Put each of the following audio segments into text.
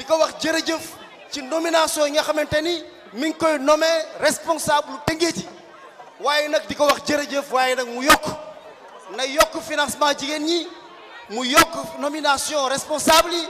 di ko wax jërëjëf ci nomination yi nga xamante ni mi ngi koy nommé responsable Tëngéej waaye nag di ko wax jërëjëf waaye nag mu yokk na yokk financement jigéen ñi mu yokk nomination responsable yi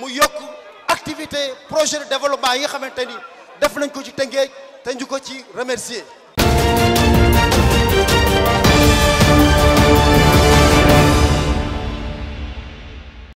mu yokk activité projet de développement yi nga xamante ni def nañ ko ci Tëngéej te ñu ko ci remercier